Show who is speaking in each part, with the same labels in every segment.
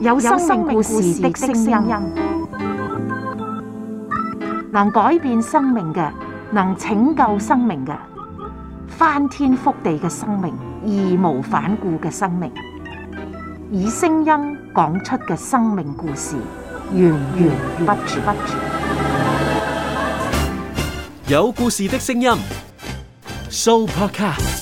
Speaker 1: 有生命故事的聲音，能改變生命嘅，能拯救生命嘅，翻天覆地嘅生命，義無反顧嘅生命，以聲音講出嘅生命故事，源源不絕。有故事的聲音，Supercar。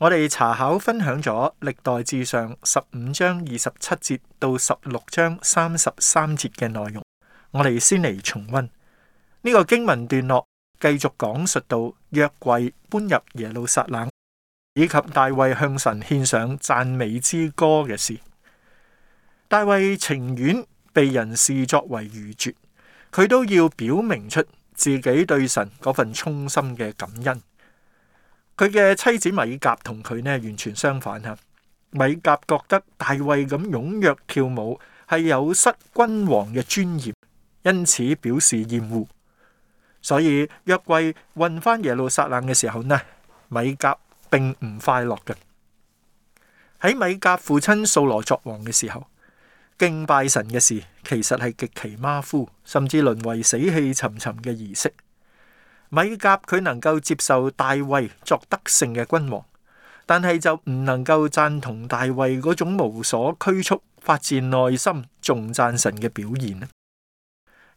Speaker 1: 我哋查考分享咗歷代志上十五章二十七節到十六章三十三節嘅內容，我哋先嚟重溫呢、這個經文段落，繼續講述到約櫃搬入耶路撒冷以及大衛向神獻上讚美之歌嘅事。大衛情願被人視作為愚拙，佢都要表明出自己對神嗰份衷心嘅感恩。佢嘅妻子米甲同佢呢完全相反吓，米甲覺得大衛咁踴躍跳舞係有失君王嘅尊嚴，因此表示厭惡。所以約櫃運翻耶路撒冷嘅時候呢，米甲並唔快樂嘅。喺米甲父親掃羅作王嘅時候，敬拜神嘅事其實係極其馬虎，甚至淪為死氣沉沉嘅儀式。米甲佢能夠接受大衛作得勝嘅君王，但係就唔能夠讚同大衛嗰種無所拘束、發自內心、重讚神嘅表現。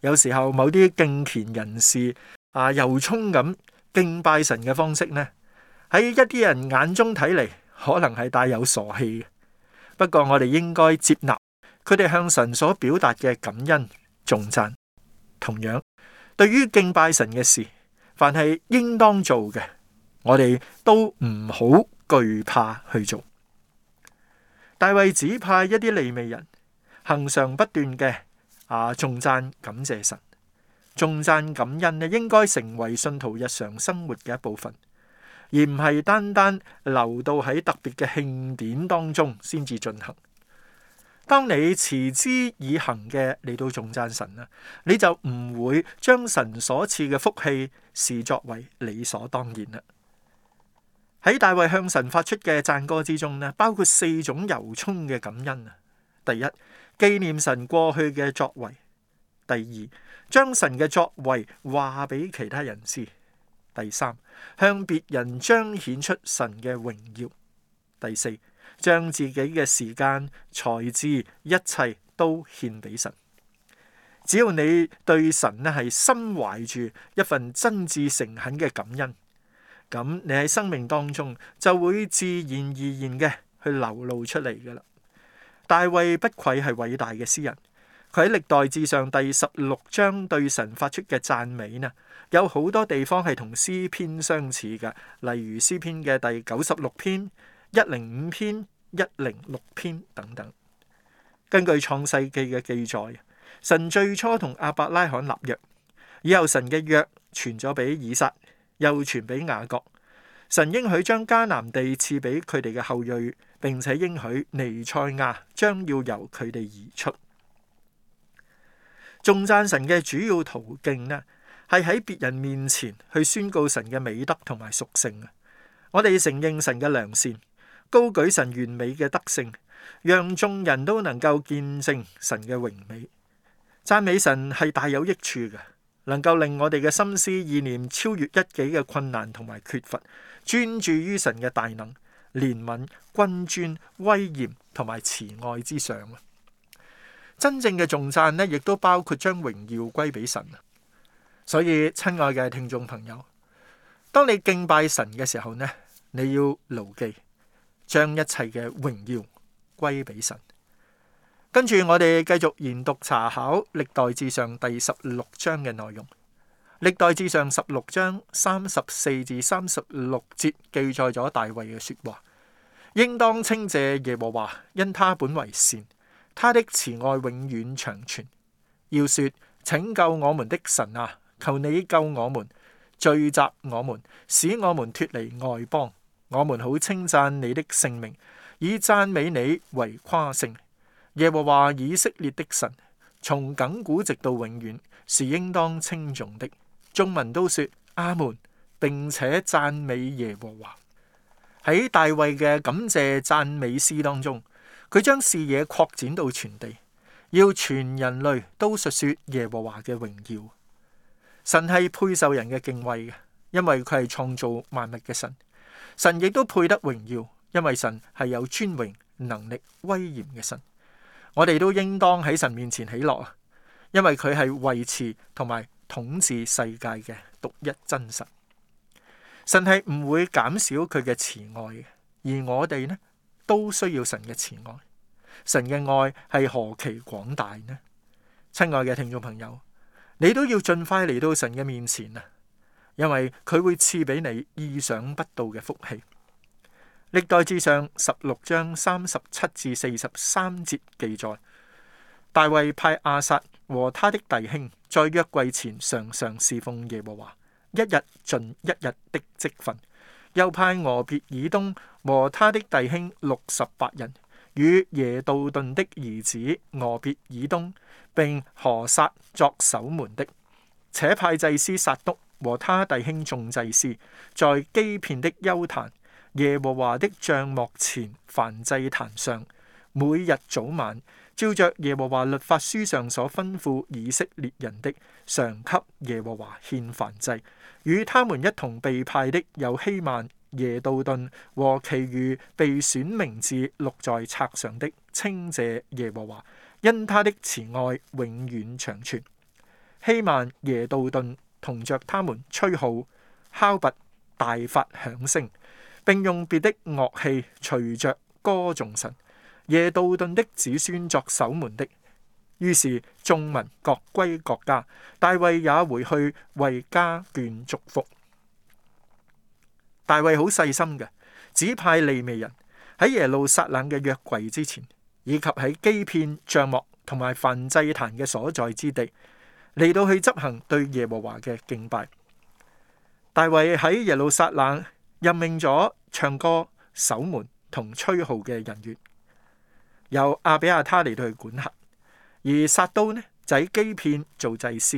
Speaker 1: 有時候某啲敬虔人士啊，由衷咁敬拜神嘅方式呢，喺一啲人眼中睇嚟可能係帶有傻氣嘅。不過我哋應該接納佢哋向神所表達嘅感恩重贊，重讚同樣對於敬拜神嘅事。凡係應當做嘅，我哋都唔好懼怕去做。大衛指派一啲利未人，恆常不斷嘅啊，重讚感謝神，重讚感恩啊，應該成為信徒日常生活嘅一部分，而唔係單單留到喺特別嘅慶典當中先至進行。當你持之以恒嘅嚟到頌讚神啊，你就唔會將神所賜嘅福氣視作為理所當然啦。喺大衛向神發出嘅讚歌之中咧，包括四種由衷嘅感恩啊。第一，紀念神過去嘅作為；第二，將神嘅作為話俾其他人士；第三，向別人彰顯出神嘅榮耀；第四。將自己嘅時間、才智，一切都獻俾神。只要你對神咧係心懷住一份真摯誠懇嘅感恩，咁你喺生命當中就會自然而然嘅去流露出嚟噶啦。大衛不愧係偉大嘅詩人，佢喺歷代志上第十六章對神發出嘅讚美呢，有好多地方係同詩篇相似嘅，例如詩篇嘅第九十六篇、一零五篇。一零六篇等等，根據創世記嘅記載，神最初同亞伯拉罕立約，以後神嘅約傳咗俾以撒，又傳俾雅各。神應許將迦南地賜俾佢哋嘅後裔，並且應許尼賽亞將要由佢哋而出。頌讚神嘅主要途徑呢，係喺別人面前去宣告神嘅美德同埋屬性啊！我哋承認神嘅良善。.高舉神完美嘅德性，讓眾人都能夠見證神嘅榮美，讚美神係大有益處嘅，能夠令我哋嘅心思意念超越一己嘅困難同埋缺乏，專注於神嘅大能、憐憫、君尊、威嚴同埋慈愛之上啊！真正嘅頌讚呢，亦都包括將榮耀歸俾神啊！所以，親愛嘅聽眾朋友，當你敬拜神嘅時候呢，你要牢記。將一切嘅榮耀歸俾神。跟住我哋繼續研讀查考歷代志上第十六章嘅內容。歷代志上十六章三十四至三十六節記載咗大衛嘅說話， 應當稱謝耶和華，因他本為善，他的慈愛永遠長存。要說：拯救我們的神啊，求你救我們，聚集我們，使我們脫離外邦。我們好稱讚你的聖名，以讚美你為誇勝。耶和華以色列的神，從亙古直到永遠，是應當稱頌的。眾民都說阿門，並且讚美耶和華。喺大衛嘅感謝讚美詩當中，佢將視野擴展到全地，要全人類都述說耶和華嘅榮耀。神係配受人嘅敬畏嘅，因為佢係創造萬物嘅神。神亦都配得榮耀，因為神係有尊榮、能力、威嚴嘅神。我哋都應當喺神面前喜樂啊，因為佢係維持同埋統治世界嘅獨一真神。神係唔會減少佢嘅慈愛，而我哋呢都需要神嘅慈愛。神嘅愛係何其廣大呢？親愛嘅聽眾朋友，你都要盡快嚟到神嘅面前啊！因為佢會賜俾你意想不到嘅福氣。歷代志上十六章三十七至四十三節記載，大衛派亞薩和他的弟兄在約櫃前常常侍奉耶和華，一日盡一日的職分。又派俄別以東和他的弟兄六十八人，與耶杜頓的兒子俄別以東，並何撒作守門的，且派祭司撒督。和他弟兄眾祭司，在基遍的邱壇耶和華的帳幕前燔祭壇上，每日早晚照着耶和華律法書上所吩咐以色列人的，常給耶和華獻燔祭。與他們一同被派的有希曼耶杜頓和其餘被選名字錄在冊上的，稱謝耶和華，因他的慈愛永遠長存。希曼耶杜頓。同着他們吹號、敲鈸大發響聲，並用別的樂器隨着歌頌神。耶杜頓的子孫作守門的，於是眾民各歸各家，大衛也回去為家眷祝福。大衛好細心嘅，指派利未人喺耶路撒冷嘅約櫃之前，以及喺基片帳幕同埋燔祭壇嘅所在之地。嚟到去執行對耶和華嘅敬拜，大衛喺耶路撒冷任命咗唱歌、守門同吹號嘅人員，由亞比亞他嚟到去管轄。而撒督呢就喺基遍做祭司。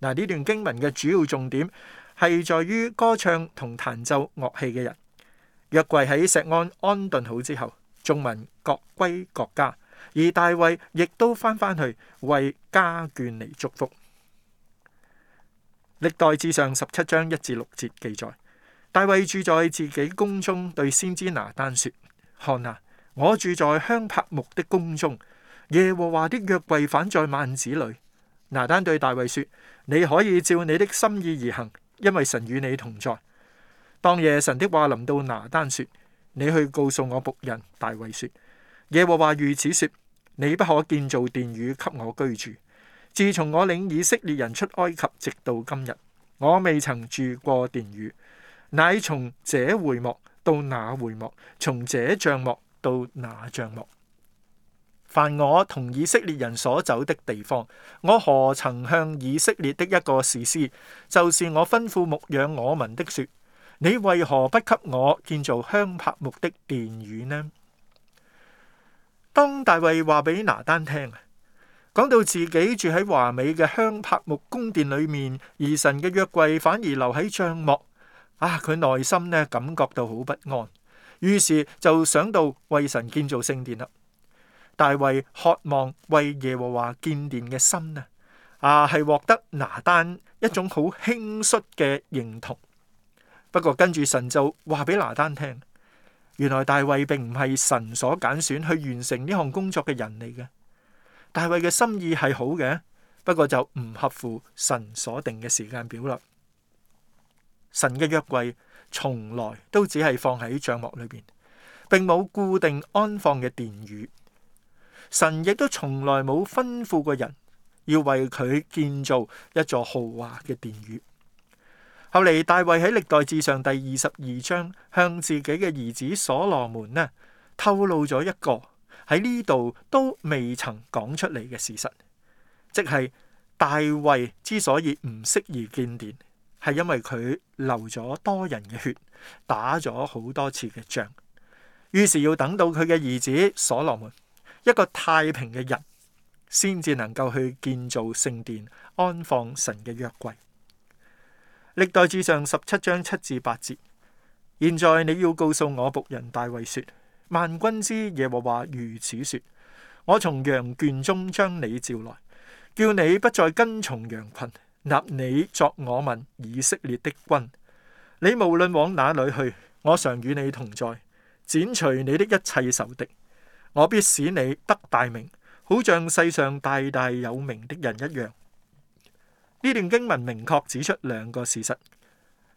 Speaker 1: 嗱，呢段經文嘅主要重點係在於歌唱同彈奏樂器嘅人。約櫃喺錫安安頓好之後，眾民各歸各家，而大衛亦都翻翻去為家眷嚟祝福。歷代志上十七章一至六節記載，大衛住在自己宮中，對先知拿單說：看啊，我住在香柏木的宮中，耶和華的約櫃反在幔子裏。拿單對大衛說：你可以照你的心意而行，因為神與你同在。當夜，神的話臨到拿單說：你去告訴我僕人大衛說：耶和華如此說：你不可建造殿宇給我居住。自從我領以色列人出埃及，直到今日，我未曾住過殿宇，乃從這會幕到那會幕，從這帳幕到那帳幕。凡我同以色列人所走的地方，我何曾向以色列的一個士師，就是我吩咐牧養我民的說：你為何不給我建造香柏木的殿宇呢？當大衛話俾拿單聽。講到自己住喺華美嘅香柏木宮殿裏面，而神嘅約櫃反而留喺帳幕，啊，佢內心呢感覺到好不安，於是就想到為神建造聖殿啦。大衛渴望為耶和華建殿嘅心啊，啊係獲得拿單一種好輕率嘅認同。不過跟住神就話俾拿單聽，原來大衛並唔係神所揀選去完成呢項工作嘅人嚟嘅。大衛嘅心意係好嘅，不過就唔合乎神所定嘅時間表啦。神嘅約櫃從來都只係放喺帳幕裏邊，並冇固定安放嘅殿宇。神亦都從來冇吩咐過人要為佢建造一座豪華嘅殿宇。後嚟大衛喺歷代志上第二十二章向自己嘅兒子所羅門呢，透露咗一個。喺呢度都未曾講出嚟嘅事實，即係大衛之所以唔適宜建殿，係因為佢流咗多人嘅血，打咗好多次嘅仗，於是要等到佢嘅兒子所羅門，一個太平嘅人，先至能夠去建造聖殿，安放神嘅約櫃。歷代志上十七章七至八節，現在你要告訴我僕人大衛說。萬軍之耶和華如此說：我從羊圈中將你召來，叫你不再跟從羊群，立你作我民以色列的君。你無論往哪裡去，我常與你同在，剪除你的一切仇敵。我必使你得大名，好像世上大大有名的人一樣。呢段經文明確指出兩個事實：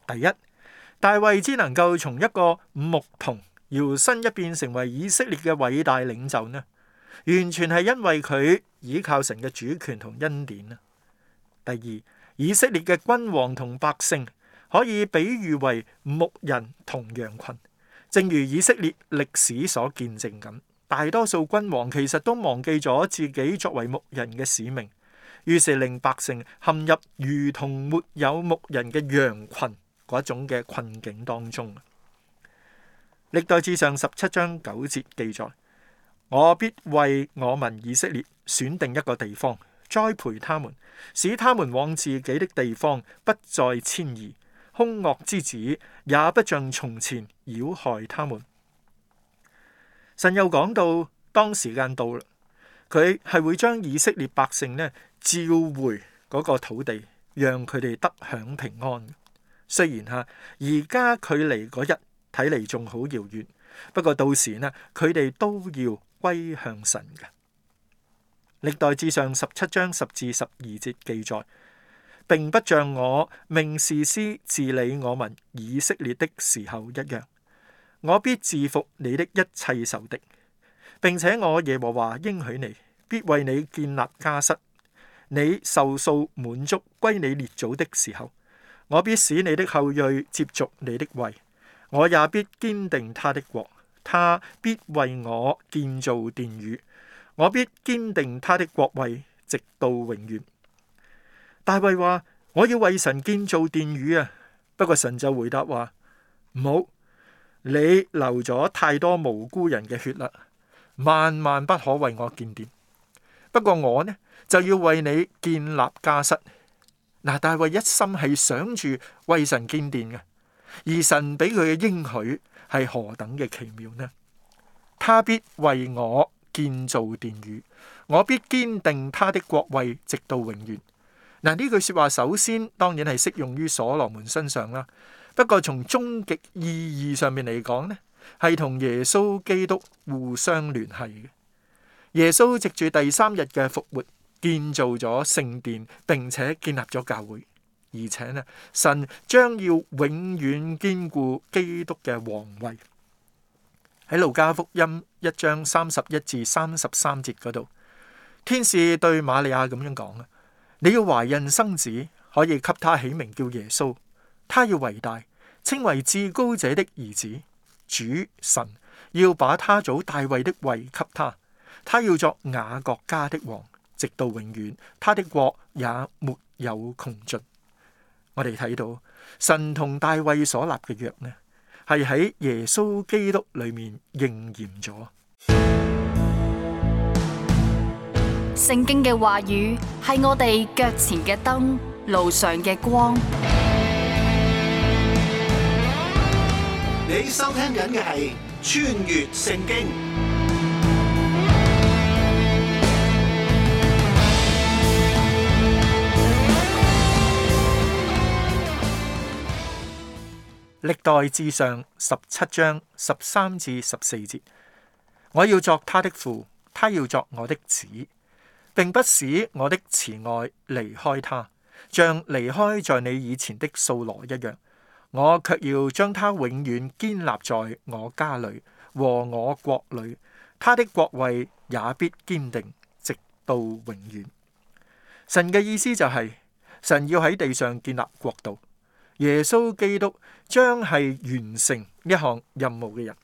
Speaker 1: 第一，大衛只能夠從一個牧童。搖身一變成為以色列嘅偉大領袖呢，完全係因為佢倚靠神嘅主權同恩典啊！第二，以色列嘅君王同百姓可以比喻為牧人同羊群，正如以色列歷史所見證咁，大多數君王其實都忘記咗自己作為牧人嘅使命，於是令百姓陷入如同沒有牧人嘅羊群嗰一種嘅困境當中。歷代志上十七章九節記載：我必為我民以色列選定一個地方栽培他們，使他們往自己的地方不再遷移，凶惡之子也不像從前擾害他們。神又講到，當時間到啦，佢係會將以色列百姓咧召回嗰個土地，讓佢哋得享平安。雖然吓，而家距離嗰日，睇嚟仲好遙遠，不過到時呢，佢哋都要歸向神嘅。歷代志上十七章十至十二節記載，並不像我命士師治理我民以色列的時候一樣，我必制服你的一切仇敵，並且我耶和華應許你，必為你建立家室。你受數滿足，歸你列祖的時候，我必使你的後裔接續你的位。我也必堅定他的國，他必為我建造殿宇。我必堅定他的國位，直到永遠。大衛話：我要為神建造殿宇啊！不過神就回答話：唔好，你流咗太多無辜人嘅血啦，萬萬不可為我建殿。不過我呢就要為你建立家室。嗱，大衛一心係想住為神建殿嘅。而神俾佢嘅應許係何等嘅奇妙呢？他必為我建造殿宇，我必堅定他的國位，直到永遠。嗱，呢句説話首先當然係適用於所羅門身上啦，不過從終極意義上面嚟講，呢係同耶穌基督互相聯繫。耶穌藉住第三日嘅復活，建造咗聖殿，並且建立咗教會。而且呢，神將要永遠堅固基督嘅皇位喺路加福音一章三十一至三十三節嗰度，天使對瑪利亞咁樣講啊：你要懷孕生子，可以給他起名叫耶穌。他要為大，稱為至高者的兒子。主神要把他祖大衛的位給他，他要作雅各家的王，直到永遠。他的國也沒有窮盡。我哋睇到神同大衛所立嘅約呢，係喺耶穌基督裏面應驗咗。聖經嘅話語係我哋腳前嘅燈，路上嘅光。你收聽緊嘅係穿越聖經。歷代志上十七章十三至十四節我要作他的父，他要作我的子，並不使我的慈愛離開他，像離開在你以前的掃羅一樣。我卻要將他永遠建立在我家裡和我國裡，他的國位也必堅定直到永遠。神嘅意思就係、是，神要喺地上建立國度。耶穌基督將係完成一項任務嘅人。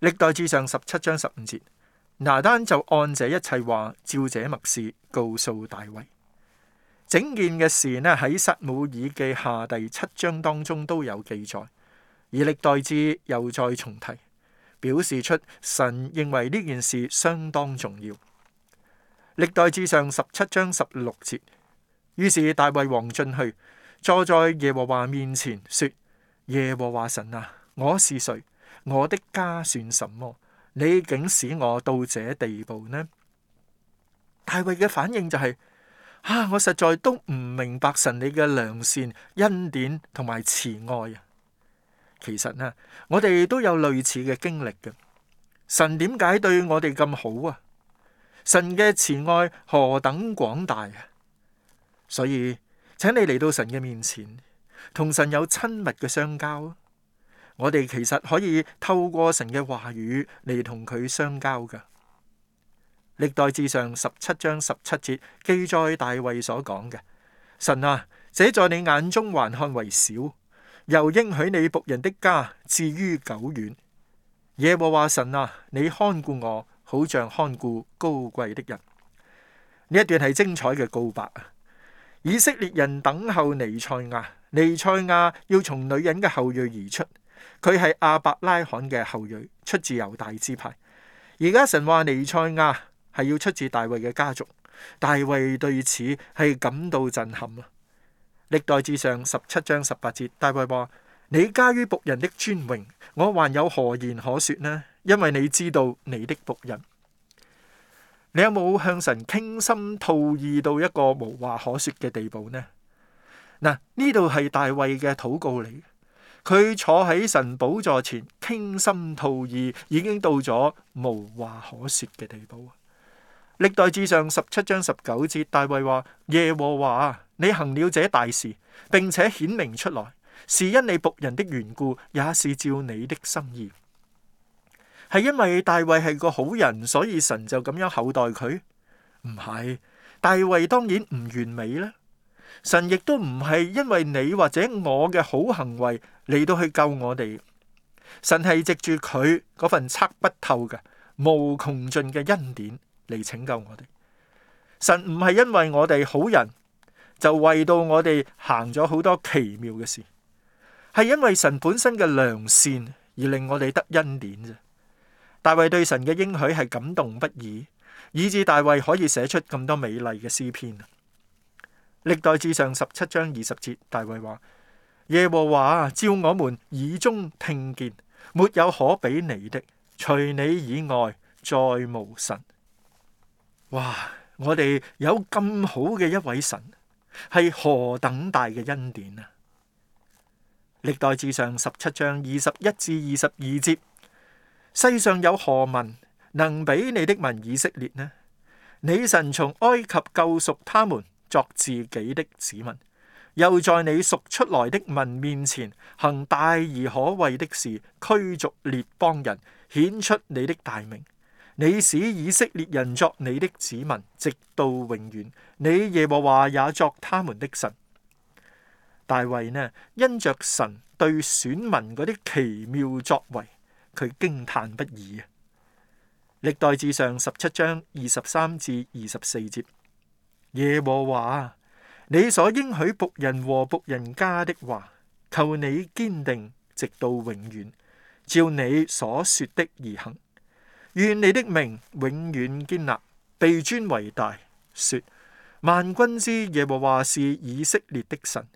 Speaker 1: 歷代志上十七章十五節，拿單就按這一切話，照者默示，告訴大衛。整件嘅事呢，喺撒母耳記下第七章當中都有記載，而歷代志又再重提，表示出神認為呢件事相當重要。歷代志上十七章十六節，於是大衛王進去。坐在耶和華面前說：耶和華神啊，我是誰？我的家算什麼？你竟使我到這地步呢？大衛嘅反應就係、是：啊，我實在都唔明白神你嘅良善、恩典同埋慈愛啊！其實呢，我哋都有類似嘅經歷嘅。神點解對我哋咁好啊？神嘅慈愛何等廣大啊！所以。請你嚟到神嘅面前，同神有親密嘅相交。我哋其實可以透過神嘅話語嚟同佢相交噶。歷代志上十七章十七節記載大衛所講嘅：神啊，這在你眼中還看為小，又應許你僕人的家至於久遠。耶和華神啊，你看顧我，好像看顧高貴的人。呢一段係精彩嘅告白。以色列人等候尼賽亞，尼賽亞要從女人嘅後裔而出，佢係亞伯拉罕嘅後裔，出自猶大支派。而家神話尼賽亞係要出自大衛嘅家族，大衛對此係感到震撼啊！歷代志上十七章十八節，大衛話：你加於僕人的尊榮，我還有何言可說呢？因為你知道你的僕人。你有冇向神傾心吐意到一個無話可說嘅地步呢？嗱，呢度係大衛嘅禱告嚟，佢坐喺神寶座前傾心吐意，已經到咗無話可說嘅地步啊！歷代志上十七章十九節，大衛話：耶和華你行了這大事，並且顯明出來，是因你僕人的緣故，也是照你的心意。係因為大衛係個好人，所以神就咁樣厚待佢？唔係，大衛當然唔完美啦。神亦都唔係因為你或者我嘅好行為嚟到去救我哋。神係藉住佢嗰份測不透嘅無窮盡嘅恩典嚟拯救我哋。神唔係因為我哋好人就為到我哋行咗好多奇妙嘅事，係因為神本身嘅良善而令我哋得恩典啫。大衛對神嘅應許係感動不已，以至大衛可以寫出咁多美麗嘅詩篇。歷代志上十七章二十節，大衛話：耶和華照我們耳中聽見，沒有可比你的，除你以外再無神。哇！我哋有咁好嘅一位神，係何等大嘅恩典啊！歷代志上十七章二十一至二十二節。世上有何民能比你的民以色列呢？你神從埃及救贖他們作自己的子民，又在你贖出來的民面前行大而可畏的事，驅逐列邦人，顯出你的大名。你使以色列人作你的子民，直到永遠。你耶和華也作他們的神。大衛呢，因着神對選民嗰啲奇妙作為。佢驚嘆不已啊！歷代志上十七章二十三至二十四節，耶和華你所應許僕人和僕人家的話，求你堅定直到永遠，照你所說的而行，願你的名永遠堅立，被尊為大。說萬軍之耶和華是以色列的神，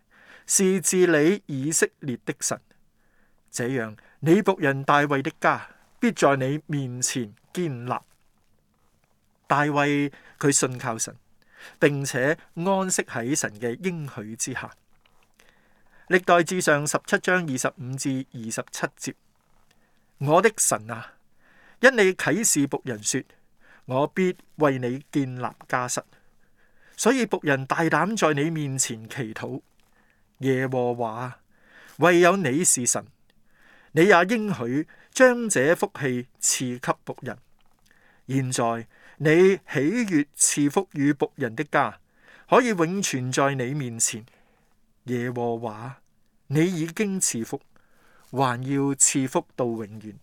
Speaker 1: 是治理以色列的神。這樣。你僕人大衛的家必在你面前建立。大衛佢信靠神，並且安息喺神嘅應許之下。歷代志上十七章二十五至二十七節：我的神啊，因你啟示僕人說，我必為你建立家室，所以僕人大膽在你面前祈禱。耶和華，唯有你是神。你也應許將這福氣賜給僕人。現在你喜悅賜福與僕人的家，可以永存在你面前。耶和華，你已經賜福，還要賜福到永遠。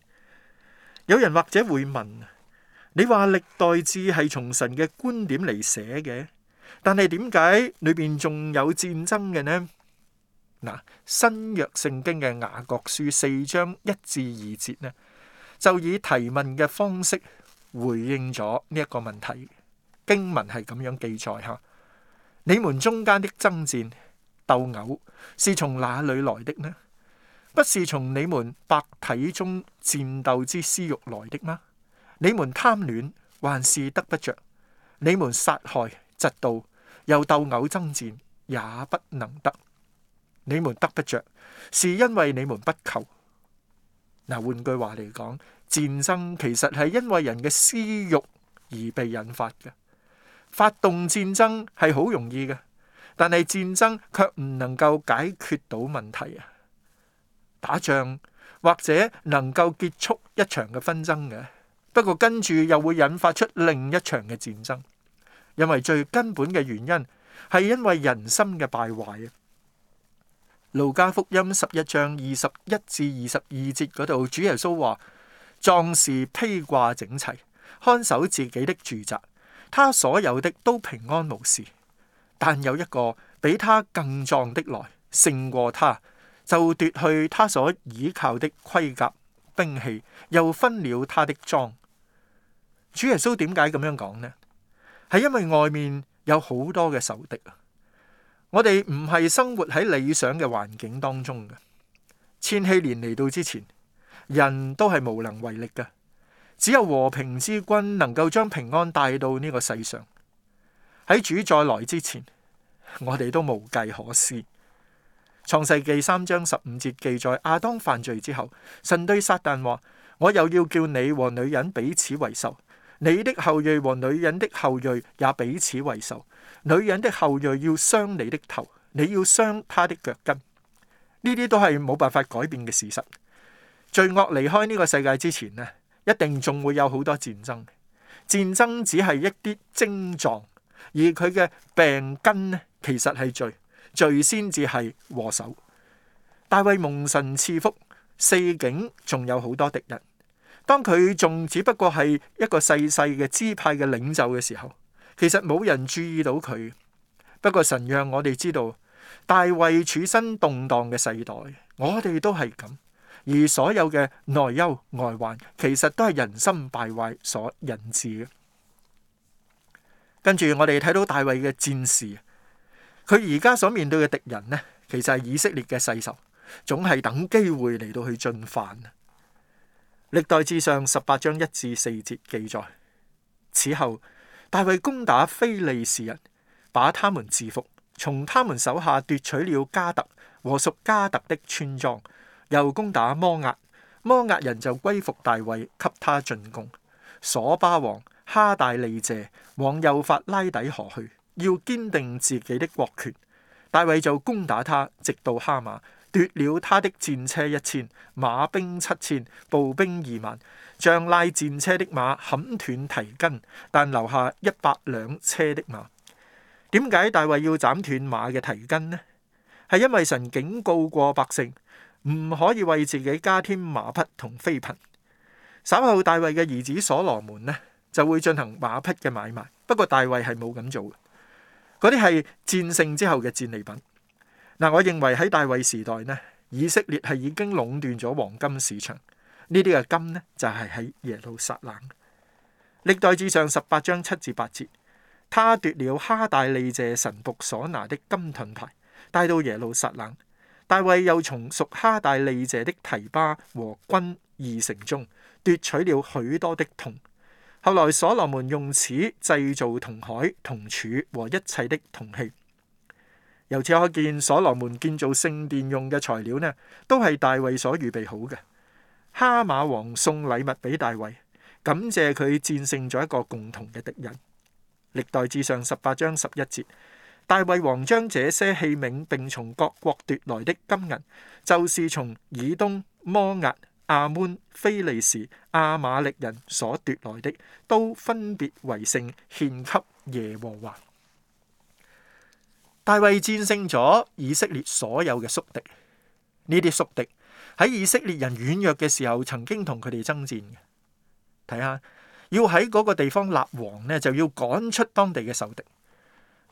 Speaker 1: 有人或者會問：你話歷代志係從神嘅觀點嚟寫嘅，但係點解裏邊仲有戰爭嘅呢？嗱，新約聖經嘅雅各書四章一至二節呢，就以提問嘅方式回應咗呢一個問題。經文係咁樣記載吓：你們中間的爭戰鬥毆是從哪裏來的呢？不是從你們百體中戰鬥之私欲來的嗎？你們貪戀還是得不着？你們殺害、嫉妒又鬥毆爭戰，也不能得。你們得不着，是因為你們不求。嗱，換句話嚟講，戰爭其實係因為人嘅私欲而被引發嘅。發動戰爭係好容易嘅，但係戰爭卻唔能夠解決到問題啊！打仗或者能夠結束一場嘅紛爭嘅，不過跟住又會引發出另一場嘅戰爭，因為最根本嘅原因係因為人心嘅敗壞啊！路加福音十一章二十一至二十二節嗰度，主耶穌話：壯士披掛整齊，看守自己的住宅，他所有的都平安無事。但有一個比他更壯的來，勝過他，就奪去他所倚靠的盔甲、兵器，又分了他的裝。主耶穌點解咁樣講呢？係因為外面有好多嘅仇敵啊！我哋唔係生活喺理想嘅環境當中嘅，千禧年嚟到之前，人都係無能為力㗎。只有和平之君能夠將平安帶到呢個世上。喺主再來之前，我哋都無計可施。創世記三章十五節記載，亞當犯罪之後，神對撒旦話：我又要叫你和女人彼此為仇。你的後裔和女人的後裔也彼此為仇，女人的後裔要傷你的頭，你要傷她的腳跟。呢啲都係冇辦法改變嘅事實。罪惡離開呢個世界之前呢，一定仲會有好多戰爭。戰爭只係一啲症狀，而佢嘅病根其實係罪，罪先至係禍首。大衛蒙神賜福，四境仲有好多敵人。當佢仲只不過係一個細細嘅支派嘅領袖嘅時候，其實冇人注意到佢。不過神讓我哋知道，大衛處身動盪嘅世代，我哋都係咁。而所有嘅內憂外患，其實都係人心敗壞所引致嘅。跟住我哋睇到大衛嘅戰士，佢而家所面對嘅敵人呢，其實係以色列嘅世仇，總係等機會嚟到去進犯。歷代志上十八章一至四節記載，此後大衛攻打非利士人，把他們制服，從他們手下奪取了加特和屬加特的村莊，又攻打摩押，摩押人就歸服大衛給他進攻。所巴王哈大利謝往幼發拉底河去，要堅定自己的國權，大衛就攻打他，直到哈馬。奪了他的戰車一千、馬兵七千、步兵二萬，將拉戰車的馬砍斷蹄筋，但留下一百輛車的馬。點解大衛要斬斷馬嘅蹄筋呢？係因為神警告過百姓唔可以為自己加添馬匹同妃嬪。稍後大衛嘅兒子所羅門呢就會進行馬匹嘅買賣，不過大衛係冇咁做嘅。嗰啲係戰勝之後嘅戰利品。嗱，我認為喺大衛時代咧，以色列係已經壟斷咗黃金市場。呢啲嘅金呢，就係喺耶路撒冷。歷代志上十八章七至八節，他奪了哈大利謝神僕所拿的金盾牌，帶到耶路撒冷。大衛又從屬哈大利謝的提巴和均二城中奪取了許多的銅。後來所羅門用此製造銅海、銅柱和一切的銅器。由此可見，所羅門建造聖殿用嘅材料呢，都係大衛所預備好嘅。哈馬王送禮物俾大衛，感謝佢戰勝咗一個共同嘅敵人。歷代志上十八章十一節，大衛王將這些器皿並從各國奪來的金銀，就是從以東、摩押、亞捫、非利士、亞瑪力人所奪來的，都分別為聖，獻給耶和華。大衛戰勝咗以色列所有嘅宿敵，呢啲宿敵喺以色列人軟弱嘅時候，曾經同佢哋爭戰嘅。睇下要喺嗰個地方立王呢，就要趕出當地嘅仇敵。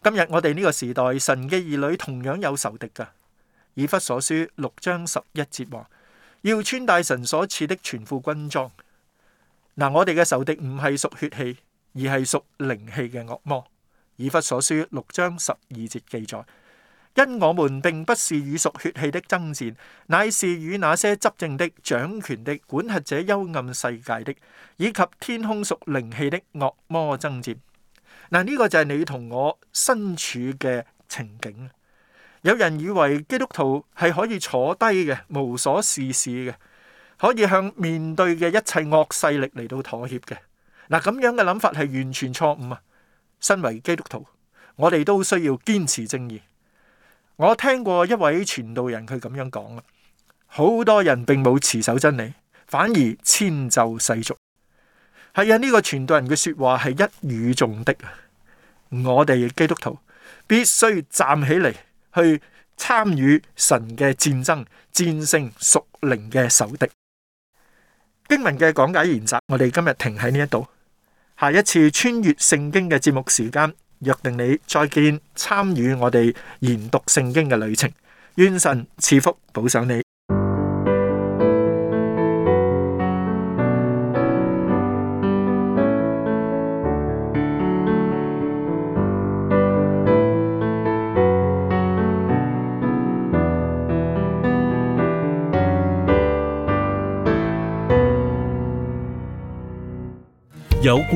Speaker 1: 今日我哋呢個時代，神嘅兒女同樣有仇敵噶。以弗所書六章十一節話：要穿戴神所賜的全副軍裝。嗱，我哋嘅仇敵唔係屬血氣，而係屬靈氣嘅惡魔。以弗所書六章十二節記載：因我們並不是與屬血氣的爭戰，乃是與那些執政的、掌權的、管轄者、幽暗世界的，以及天空屬靈氣的惡魔爭戰。嗱，呢個就係你同我身處嘅情景。有人以為基督徒係可以坐低嘅、無所事事嘅，可以向面對嘅一切惡勢力嚟到妥協嘅。嗱，咁樣嘅諗法係完全錯誤啊！身為基督徒，我哋都需要堅持正義。我聽過一位傳道人佢咁樣講啦，好多人並冇持守真理，反而遷就世俗。係啊，呢個傳道人嘅說話係一語中的。我哋基督徒必須站起嚟去參與神嘅戰爭，戰勝屬靈嘅仇敵。經文嘅講解研習，我哋今日停喺呢一度。下一次穿越聖經嘅節目時間，約定你再見，參與我哋研讀聖經嘅旅程。願神賜福保守你。